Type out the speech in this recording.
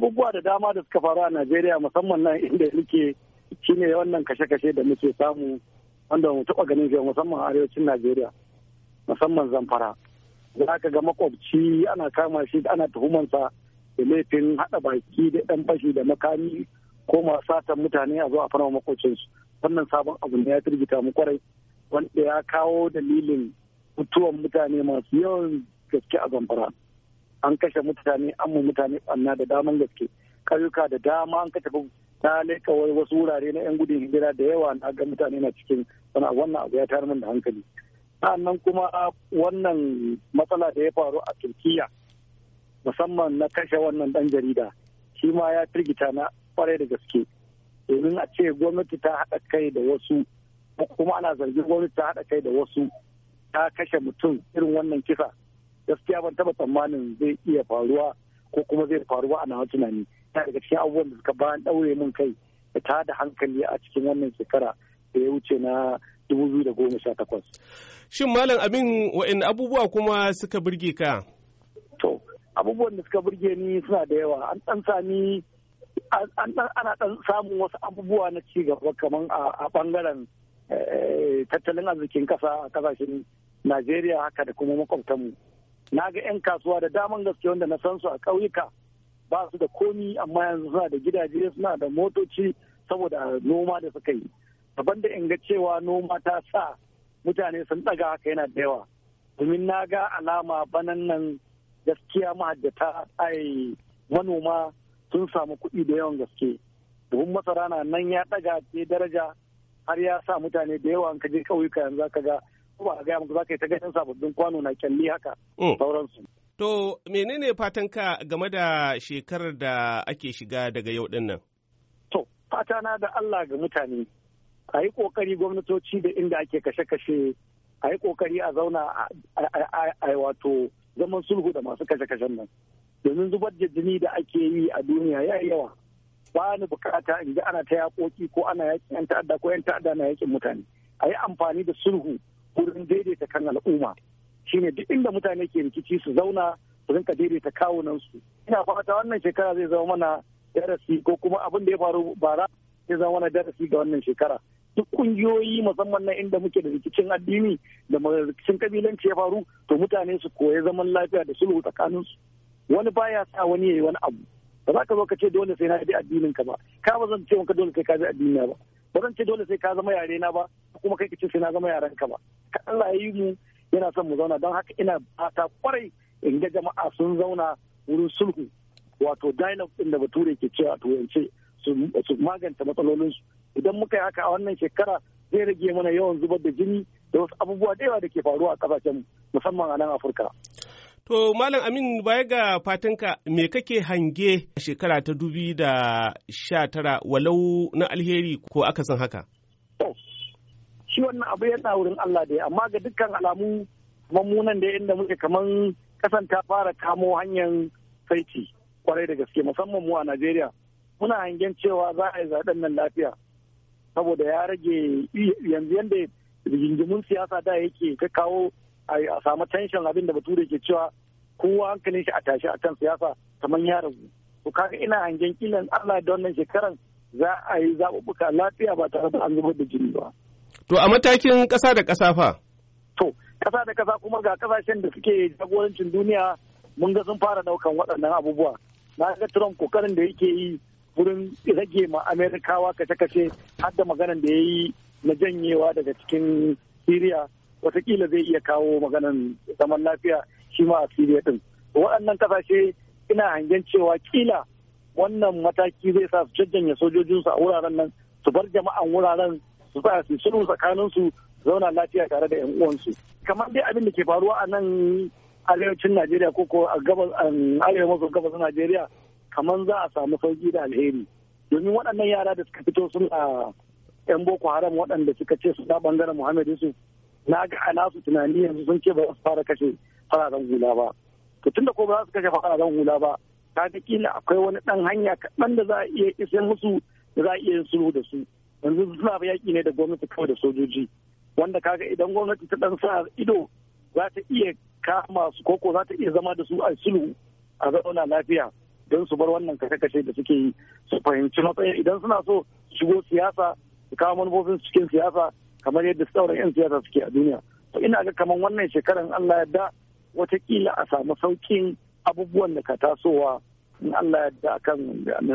abubuwa da dama da suka faru a najeriya musamman nan inda nake shine wannan kashe-kashe da muke samu wanda mu taɓa ganin shi musamman arewacin najeriya musamman zamfara za ka ga makwabci ana kama shi ana tuhumansa da laifin hada baki da dan fashi da makami ko masu mutane a zo a fara su wannan sabon abu ne ya firgita mu kwarai wanda ya kawo dalilin mutuwan mutane masu yawan gaske a zamfara an kashe mutane an mu mutane ɓanna da daman gaske ƙauyuka da dama an kashe na leka wasu wurare na 'yan gudun hijira da yawa na ga mutane na cikin wannan abu ya tayar min da hankali sannan kuma wannan matsala da ya faru a turkiya musamman na kashe wannan dan jarida shi ma ya firgita na kwarai da gaske domin a ce gwamnati ta haɗa kai da wasu kuma ana zargin gwamnati ta haɗa kai da wasu ta kashe mutum irin wannan kisa gaskiya ban taba tsammanin zai iya faruwa ko kuma zai faruwa a nawa tunani ta daga cikin abubuwan da suka bayan ɗaure min kai da ta da hankali a cikin wannan shekara da ya wuce na 2018. Shin malam abin wa'in abubuwa kuma suka burge ka? To, abubuwan da suka burge ni suna da yawa an ɗan sami ana ɗan samun wasu abubuwa na ci gaba kamar a ɓangaren eh, tattalin arzikin ƙasa a ƙasashen Najeriya haka da kuma makwabtanmu. na ga 'yan kasuwa da daman gaske wanda na san su a ƙauyuka ba su da komi amma yanzu suna da gidaje suna da motoci saboda noma da suka yi daban da in ga cewa noma ta sa mutane sun ɗaga haka yana da yawa domin na ga alama banan nan gaskiya mahajjata ai manoma sun samu kuɗi da yawan gaske domin masara na nan ya ɗaga ce daraja har ya sa mutane da yawa ka je ƙauyuka yanzu ka ga ba a gaya maka za ka yi ta ganin sababbin kwano na kyalli haka oh. sauransu. To menene fatan ka game da shekarar da ake shiga daga yau din nan? To fata na da Allah ga mutane a yi kokari gwamnatoci da inda ake kashe-kashe a yi kokari a zauna a wato zaman sulhu da masu kashe-kashen nan. Domin zubar da jini da ake yi a duniya ya yawa. Ba ni bukata in ji ana ta yaƙoƙi ko ana yaƙin 'yan ta'adda ko 'yan ta'adda na yaƙin mutane. A yi amfani da sulhu wurin daidaita kan al'umma shine duk inda mutane ke rikici su zauna su rinka daidaita kawunan su ina fata wannan shekara zai zama mana darasi ko kuma abin da ya faru bara zai zama mana darasi ga wannan shekara duk kungiyoyi musamman na inda muke da rikicin addini da rikicin kabilanci ya faru to mutane su koya zaman lafiya da sulhu tsakanin su wani baya sa wani yayi wani abu ba za ka zo ka ce dole sai na bi addinin ka ba ka ba zan ce wanka dole sai ka bi addinin ba ba zan ce dole sai ka zama yare na ba kuma kai kace sai na zama yaran ka ba ka Allah ya yi mu yana son mu zauna don haka ina fata kwarai in ga jama'a sun zauna wurin sulhu wato dialogue din da bature ke cewa turance su magance matsalolinsu idan muka yi haka a wannan shekara zai rage mana yawan zubar da jini da wasu abubuwa da yawa da ke faruwa a kasashen musamman a nan afirka To Malam Amin baya ga fatanka me kake hange shekara ta dubi da sha tara walau na alheri ko aka san haka? shi wannan abu yana wurin Allah da amma ga dukkan alamu mummunan da inda muke kamar kasan ta fara kamo hanyar saiti kwarai da gaske musamman mu a Najeriya muna hangen cewa za a yi zaɓen nan lafiya saboda ya rage yanzu yanda rigingimun siyasa da yake ka kawo a samu tension abin da bature ke cewa kowa hankalin shi a tashi akan siyasa kamar ya ragu to kaga ina hangen kilan Allah da wannan shekaran za a yi zaɓuɓɓuka lafiya ba tare da an zubar da jini ba. To a matakin ƙasa da ƙasa fa? To, ƙasa da ƙasa kuma ga ƙasashen da suke jagorancin duniya mun ga sun fara ɗaukan waɗannan abubuwa. Na ga Trump kokarin da yake yi wurin rage ma Amerikawa kace-kace har da maganan da ya yi na janyewa daga cikin Siriya watakila zai iya kawo maganan zaman lafiya shi ma a Siriya ɗin. Waɗannan ƙasashe ina hangen cewa kila wannan mataki zai sa su janye sojojinsu a wuraren nan su bar jama'an wuraren su sa su sulhu tsakanin su zauna lafiya tare da yan uwansu kamar dai abin da ke faruwa a nan arewacin Najeriya ko ko a gabas arewa maso gabas Najeriya kamar za a samu sauki da alheri domin waɗannan yara da suka fito suna yan boko haram waɗanda suka ce su na bangaren Muhammad Yusuf na ga ana su tunani yanzu sun ce ba su fara kashe fararen hula ba to tunda ko ba za su kashe fararen hula ba ta kila akwai wani ɗan hanya kaɗan da za a iya isa musu da za a iya sulhu da su yanzu suna yaƙi ne da gwamnati kawai da sojoji wanda kaga idan gwamnati ta dan sa ido za ta iya kama su koko za ta iya zama da su a sulhu a zauna lafiya don su bar wannan kashe-kashe da suke yi su fahimci matsayin idan suna so su shigo siyasa su kawo manufofin su cikin siyasa kamar yadda sauran 'yan siyasa suke a duniya to ina ga kamar wannan shekaran Allah ya da watakila a samu saukin abubuwan da ka tasowa in Allah ya da kan